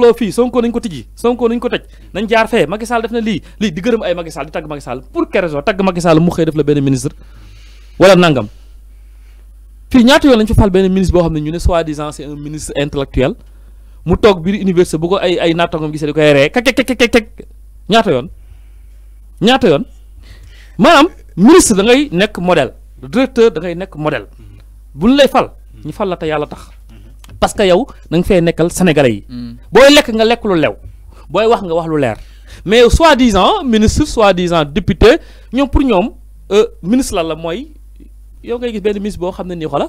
complot fii Sonko nañ ko tijji Sonko nañ ko tëj nañ jaar fee Macky def na lii lii di gërëm ay Macky Sall di tagg Macky Sall pour quelle raison tagg Macky Sall mu xëy def la benn ministre wala nangam fii ñaata yoon lañ fi fal benn ministre boo xam ne ñu ne soi-disant c'est un ministre intellectuel mu toog biir université bu ko ay ay nattangam gisee di koy ree kek kek ñaata yoon ñaata yoon maanaam ministre da ngay nekk model directeur da ngay nekk modèle buñ lay fal ñu fal la te yàlla tax parce que yow nang nga fay nekkal sénégalais yi. Hmm. booy lekk nga lek lu lew boy wax nga wax lu leer mais soi-disant ministre soi-disant député ñom pour ñom euh ministre la la moy yow ngay gis benn ministre bo xamné ni xola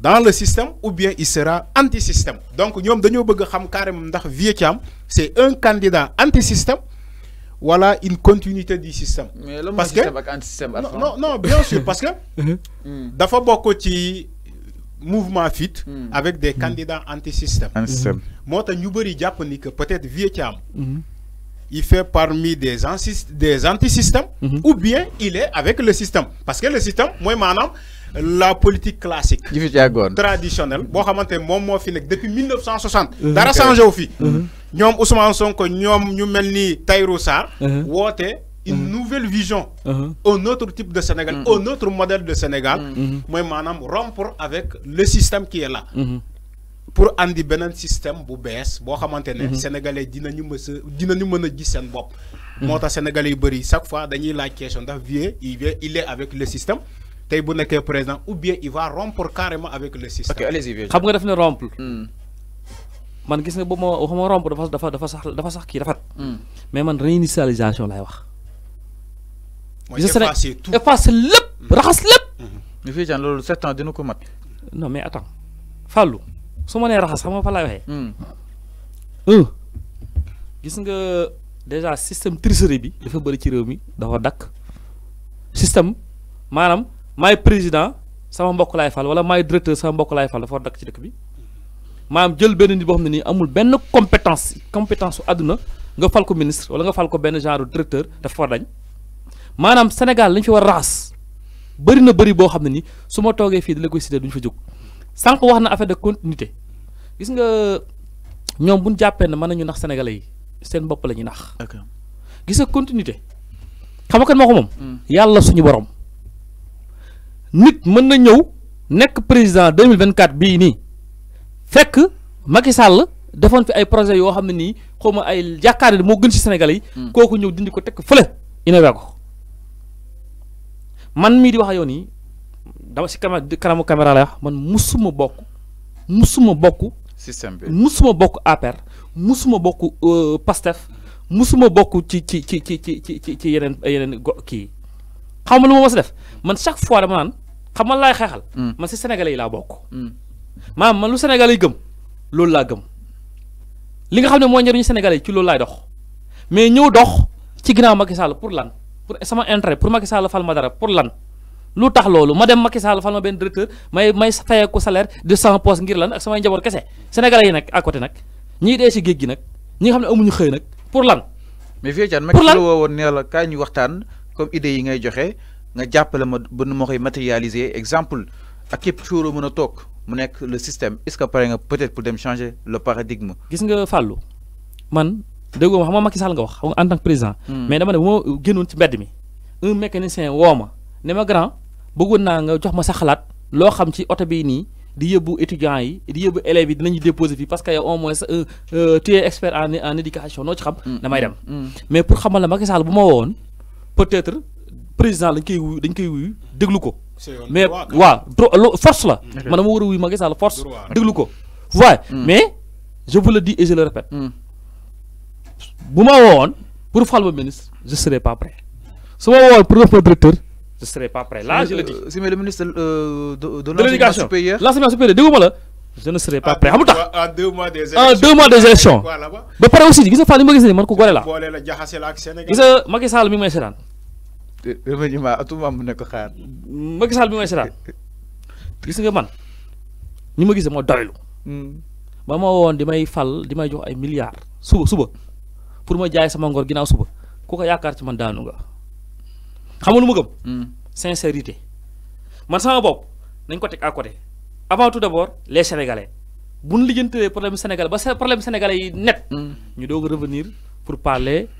dans le système ou bien il sera anti-système. Donc, nous avons carrément c'est un candidat anti-système. Voilà une continuité du système. Mais le parce que avec anti-système non, non, bien sûr, parce que d'abord beaucoup de mouvement fit hmm. avec des hmm. candidats anti-système. Moi, nous ni que peut-être Vietnam. Mhm. Il fait parmi des, anti-systèmes mhm. ou bien il est avec le système. Parce que le système, moi, maintenant, la politique classique. traditionnelle bo xamanté mom mo fi nek depuis 1960. Mm-hmm. dara changé wu fi. Mm-hmm. ñom Ousmane Sonko ñom ñu melni Tayrou Sar mm-hmm. woote une nouvelle vision. un autre type de Sénégal un autre modèle de Sénégal. moy manam rompre avec le système qui est là. pour andi benen système bu bees bo xamanté né sénégalais dinañu mës dinañu mëna gis sen bop moo sénégalais yu bari chaque fois dañuy la question ndax vieux il est avec le système tay bu présent ou bien il va rompre carrément avec le système. ok allez-y xam nga daf ne rompre. Hmm. man gis nga bu rompre dafa dafa dafa sax dafa hmm. mais man réinitialisation wax. tout effacer hmm. raxas ans non mais attends Fallou suma né raxas xam gis nga déjà système tricherie bi dafa dafa système maay président sama mbokk laay fal wala maay directeur sama mbokk laay fal dafa war dakk ci dëkk bi maam jël benn nit boo xam ne nii amul benn compétence compétence su àdduna nga fal ko ministre wala nga fal ko benn genre directeur dafa war dañ maanaam Sénégal lañ fi war a raxas bëri na bëri boo xam ne nii su ma toogee fii di la koy du ñu fa jóg sànq wax na affaire de continuité gis nga ñoom buñ jàppee ne mën nañu nax sénégalais yi seen mbopp la ñuy nax. gisa nga continuité xam nga ko moom. Hmm. yàlla suñu borom. nit mën na ñëw nekk président 2024 bii nii fekk Macky Sall defoon fi ay projet yoo xam ne nii xaw ma ay yaakaar moo gën ci Sénégal yi. Hmm. kooku ñëw dindi ko teg fële. innové ko man mii di wax ak yow nii dama ci kanamu caméra la wax man musuma bokk musuma bokk. système bi musuma bokk APR musuma bokk euh, PASTEF musuma bokk ci ci ci ci ci ci yeneen yeneen go kii xaw nga lu ma mos def man chaque fois dama naan. xam man laay xeexal. Mm. man si Sénégalais yi laa bokk. Mm. maam man lu Sénégalais yi gëm loolu laa gëm li nga xam ne mooy njëriñu Sénégalais yi ci loolu laay dox mais ñëw dox ci ginnaaw Macky Sall pour lan pour sama intérêt pour Macky Sall fal ma dara pour lan. lu tax loolu ma dem Macky Sall fal ma benn directeur may may fayeeku salaire de cent poste ngir lan ak samay njaboot kese yi nag à côté nag ñiy dee si géej gi nag ñi xam ne amuñu xëy nag pour lan. pour lan mais Vieux Thiam Macky la woowoon nee la kaa ñu waxtaan comme idée yi ngay joxe. nga jàppale ma ba nu ma matérialiser exemple ak képp cooro mën tok toog mu nekk le système est-ce que pare nga peut-être pour dem changer le paradigme. gis nga Fallou man déggoo ma xam nga Macky Sall nga wax en tant que président. Hmm. mais dama ne bu ma ci mbedd mi un mécanicien woo ma ne ma grand bëggoon na nga jox ma sa xalaat lo xam ci auto bi ni di yebbu étudiant yi di yebbu élèves yi dinañu déposer fi parce que yow au moins euh, euh, tu es expert en en éducation no ci xam. Hmm. damay dem hmm. mais pour xamal la Macky Sall bu ma woon peut-être président dañ koy wuyu dañ koy wuyu déglu ko. mais wa, force la. Mm. man dama war a wuyu Sall force déglu ko. waaye mm. mais je vous le dis et je le répète. Mm. buma won pour faire le ministre je serai pas prêt su won pour le directeur je serai pas prêt là je le dis. Euh, si mais le ministre euh, de euh, l'Éducation. supérieur l'enseignement supérieur déggu ma la. je ne serai pas prêt en deux mois des élections en deux mois des élections ba pare aussi gis nga là. li ma gis nii man ko gore là. gis nga Macky Sall mi ngi may là. dama ñu ma atu ma ne ko xaar Macky Sall bi may seetaan gis nga man ñi ma gisee moo doylu ba ma woon di may fal di may jox ay milliards suba suba pour ma jaay sama ngor ginnaaw suba ku ko yaakaar ci man daanu nga xamul ma gëm hmm. sincérité man sama bopp nañ ko teg à côté avant tout d'abord les sénégalais bu ñu lijjantalee problème sénégalais ba problème sénégalais yi net ñu hmm. doog revenir pour parler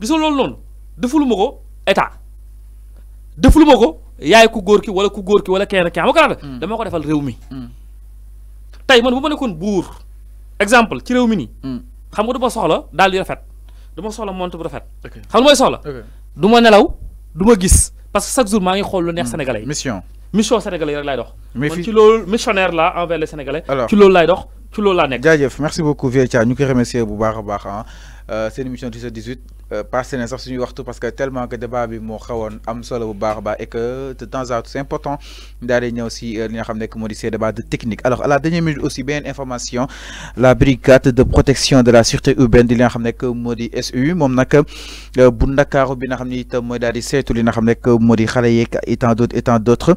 gis nga non defulumako defuluma ko état defuluma ko yaay ku góor ki wala ku gor ki wala kenn ki xam nga hmm. dama ko defal rewmi hmm. tay man buma nekone bour exemple ci rewmi ni hmm. xam nga du soxla daal di rafet du soxla monte bu rafet. xam moy soxla. duma nelaw duma ma gis parce que chaque jour maa ngi xool lu neex sénégalais mission mission sénégalais yi rek lay dox. mais ci loolu missionnaire la envers les sénégalais. ci loolu lay dox ci loolu la nek jaajëf merci beaucoup Vieux Thiam ñu koy remercier bu baax a hein c'est euh, une émission 17-18 euh, passé na sax suñuy waxtu parce que tellement que débat bi mo xawone am solo bu baax ba et que de temps à temps c'est important d'aller aussi si euh, li nga xam ne de technique alors à la dernière minute aussi bien information la brigade de protection de la sûreté urbaine di li nga xam ne SU mom nak bu ndakaaru bi nga xam ne itam mooy daal di li nga et d'autres et tant d'autres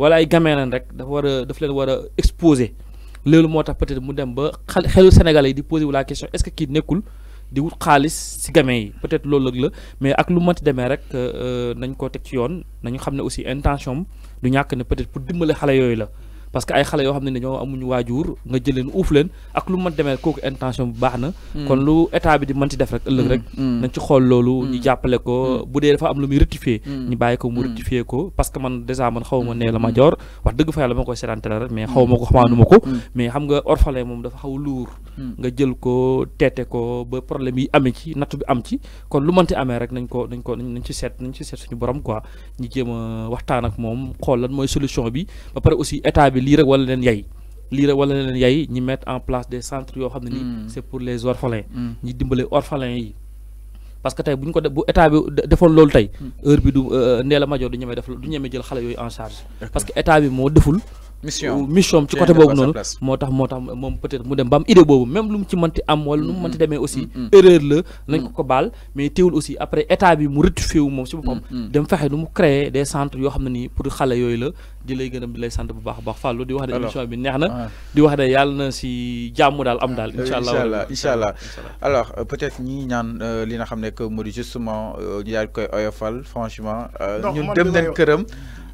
wala ay gamee lan rek dafa war a daf leen war a exposer loolu moo tax peut-être mu dem ba xelu Sénégalais yi di poser wu la question est-ce que kii nekkul di wut xaalis si gamee yi peut-être loolu rek la mais ak lu mënti demee rek euh, euh, nañ ko teg ci yoon nañu xam ne aussi intention am du ñàkk ne peut-être pour dimbale xale yooyu la. parce que ay xale yoo xam ne dañoo amuñu waajur nga jël leen uuf leen ak lu ma demee kooku intention bu baax na. Mm. kon lu état bi di man ci def rek ëllëg mm. rek. Mm. nañ ci xool loolu. ñu jàppale ko bu dee dafa am lu muy rectifier. ñu bàyyi ko mu rectifier ko parce que man dèjà man xaw ma ne la ma joor wax dëgg fa la ma koy seetaan rek mais xaw ma ko xamaanuma ko mais xam nga orphelin moom dafa xaw luur Mm. nga jël ko teete ko ba problème yi amee ci natt bi am ci kon lu mënti amee rek nañ ko nañ ci seet nañ ci seet suñu borom quoi ñu jéem a waxtaan ak moom xool lan mooy solution bi ba pare aussi état bi lii rek wala leen yay lii rek wala leen yay ñi mettre en place des centres yoo xam ne nii mm. c'est pour les orphelins mm. ñi dimbale orphelins yi parce que tey bu ñu ko def bu état bi defoon loolu tey heure bi du euh, Ndella Madior du ñemee def du ñemee jël xale mission mission ci côté boobu noonu moo tax moo tax moom peut-être mu dem ba am idée boobu même lu mu ci mënti am wala lu mu mënti demee aussi mm, mm, mm. erreur la nañ ko ko baal mais teewul aussi après état bi mu rectifié wu moom si boppam dem fexe nu mu créer des centres yoo xam ne nii pour xale yooyu la di lay gërëm di lay sant bu baax a baax Fallou di wax de émission bi neex na ah. di wax de yàlla na si jàmm daal am daal incha allah incha allah alors euh, peut-être ñi ñaan euh, li nga xam ne que moo di justement euh, ñu daal koy oyofal franchement ñun dem nañ këram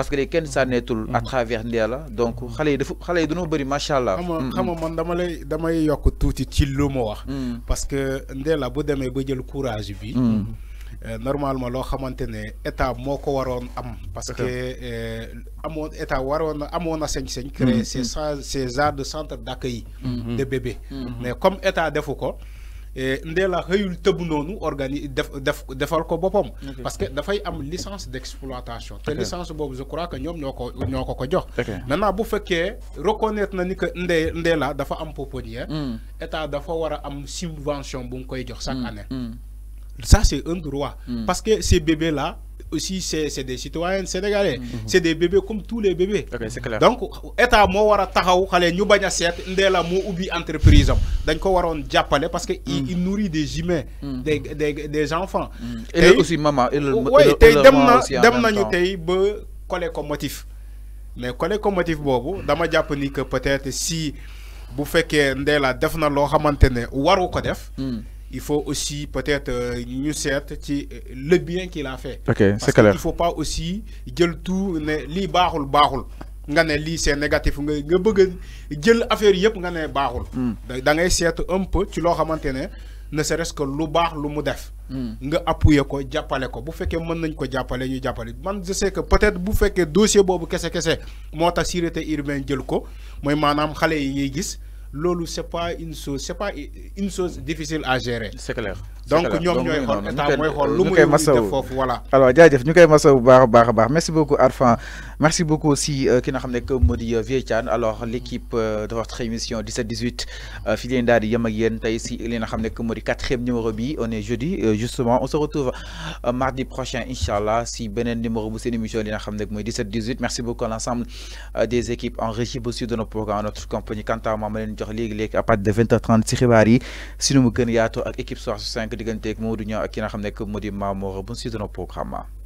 parce que s'en kenn mm. tout à mm. travers là donc mm. xale yi dafa xale yi dañoo bëri macha xam nga man dama lay damay yok touti ci lu wax. parce que la bu demee ba jël courage bi. Euh, normalement lo xamante état à ko am. parce que euh, amoon état à amoon na sañ créer ces ces genres de centre d'accueil de bébés mais comme état defu ko. Ndella xëyul tëb noonu organi def def defal ko boppam. parce que dafay am licence d' exploitation. te licence boobu je crois que ñoom ñoo ko ñoo ko ko jox. maintenant bu fekkee reconnaître na ni que Ndee Ndella dafa am pouponnière. Hmm. état dafa war a am subvention bu mu koy jox chaque hmm. année. Hmm. Ça, c'est un droit. Mm. Parce que ces bébés-là, aussi, c'est des citoyens sénégalais. Mm-hmm. C'est des bébés comme tous les bébés. Okay, Donc, l'État mo wara taxaw xalé ñu baña sét la mo ubi entreprise donc Dañ ko waron parce que mm. il, nourrit des humains, mm. des, des, des enfants. Et, aussi maman et le oh, Oui, tay dem na dem tay ba est comme motif. Mais collé comme motif bobu dama japp que peut-être si bu que ndéla la na lo xamantene waru ko def il faut aussi peut-être euh, ñu seet ci euh, le bien qu'il a fait. ok parce qu'il faut pas aussi jël tout ne li baaxul baaxul nga ne li c'est négatif nga nga bëgg a jël affaire yépp nga ne baaxul. Hmm. da ngay seet un peu ci lo xamantene ne ne serait-ce que lu baax lu mu def. Hmm. nga appuyer ko jappalé ko bu féké mën nañ ko jappalé ñu jappalé man je sais que peut-être bu féké dossier bobu kessé kessé moo tax sûreté urbaine jël ko moy manam xalé yi ñuy gis loolu c'est pas une chose c'est pas une chose difficile à gérer. C'est clair donc nous ñoy xol état moy xol euh, lu muy def alors jaajëf ñukay massa bu baax merci beaucoup Arfan merci beaucoup aussi euh, ki nga xamné que euh, alors l'équipe de votre émission 17 18 fi dadi Yamagien, Taïsi, ak yéen tay si numéro bi on est jeudi justement on se retrouve mardi prochain Inch'Allah, si benen numéro bu seen émission li nga xamné 17 18 merci beaucoup à l'ensemble des équipes en régie aussi de nos programmes notre compagnie Kantar jox à partir de 20h30 ci si mu gën ak équipe 65 Modou Niang ak ki nga xam ne de bu programme